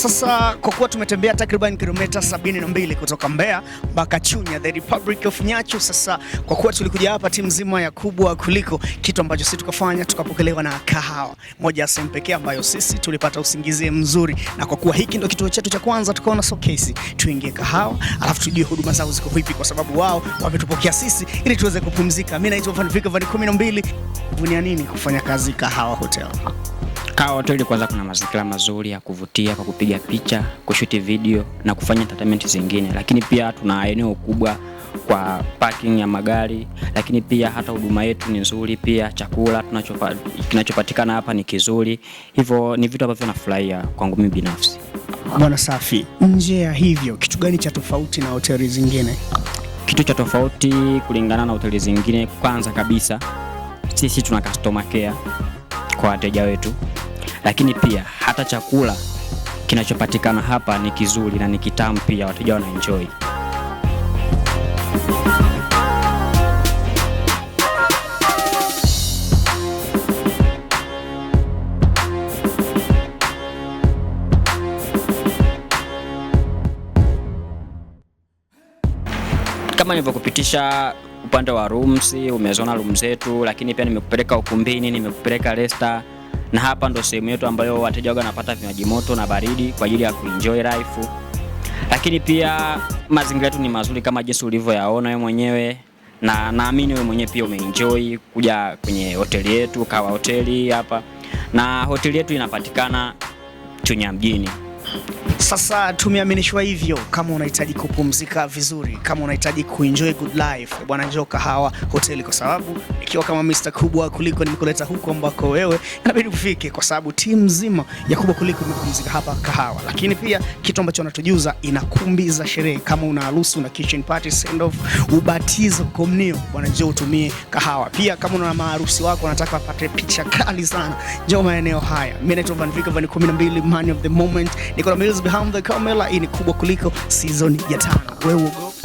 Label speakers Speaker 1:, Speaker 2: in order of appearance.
Speaker 1: Sasa kwa kuwa tumetembea takriban kilomita 72 kutoka Mbeya mpaka Chunya, the Republic of Nyachu. Sasa kwa kuwa tulikuja hapa timu nzima ya kubwa kuliko, kitu ambacho sisi tukafanya tukapokelewa na kahawa, moja ya sehemu pekee ambayo sisi tulipata usingizi mzuri, na kwa kuwa hiki ndio kituo chetu cha kwanza, tukaona so kesi tuingie kahawa, alafu tujue huduma zao ziko vipi, kwa sababu wao wametupokea sisi ili tuweze kupumzika. Mimi naitwa Vanfika Van 12, vunia nini kufanya kazi Kahawa Hotel
Speaker 2: watu ili kwanza, kuna mazingira mazuri ya kuvutia kwa kupiga picha, kushuti video na kufanya entertainment zingine, lakini pia tuna eneo kubwa kwa parking ya magari, lakini pia hata huduma yetu ni nzuri, pia chakula kinachopatikana hapa ni kizuri. Hivyo ni vitu ambavyo nafurahia kwangu mimi binafsi.
Speaker 1: Bwana safi. Nje ya hivyo, kitu gani cha tofauti na hoteli zingine?
Speaker 2: Kitu cha tofauti kulingana na hoteli zingine, kwanza kabisa sisi tuna customer care kwa wateja wetu lakini pia hata chakula kinachopatikana hapa ni kizuri na ni kitamu pia, wateja wana enjoy. Kama nilivyokupitisha upande wa rooms, umeziona room zetu, lakini pia nimekupeleka ukumbini, nimekupeleka resta na hapa ndo sehemu yetu ambayo wateja wao wanapata vinywaji moto na baridi kwa ajili ya kuenjoy life. Lakini pia mazingira yetu ni mazuri kama jinsi ulivyoyaona wewe mwenyewe, na naamini wewe mwenyewe pia umeenjoy kuja kwenye hoteli yetu Kawa Hoteli hapa, na hoteli yetu inapatikana Chunya mjini.
Speaker 1: Sasa tumeaminishwa hivyo. Kama unahitaji kupumzika vizuri, kama unahitaji kuenjoy good life, bwana, njoo Kahawa Hoteli, kwa sababu ikiwa kama Mr kubwa kuliko nimekuleta huko ambako wewe inabidi ufike, kwa sababu timu nzima ya kubwa kuliko imepumzika hapa Kahawa. Lakini pia kitu ambacho wanatujuza, ina kumbi za sherehe. Kama una harusi, una kitchen party, send off, ubatizo, komnio, bwana, njoo utumie Kahawa. Pia kama una maharusi wako unataka apate picha kali sana, njoo maeneo haya. Mimi naitwa Van Vika, Van 12 man of the moment. Niko na Mills Behind the Camera, hii ni kubwa kuliko season ya tano. Wewe uogope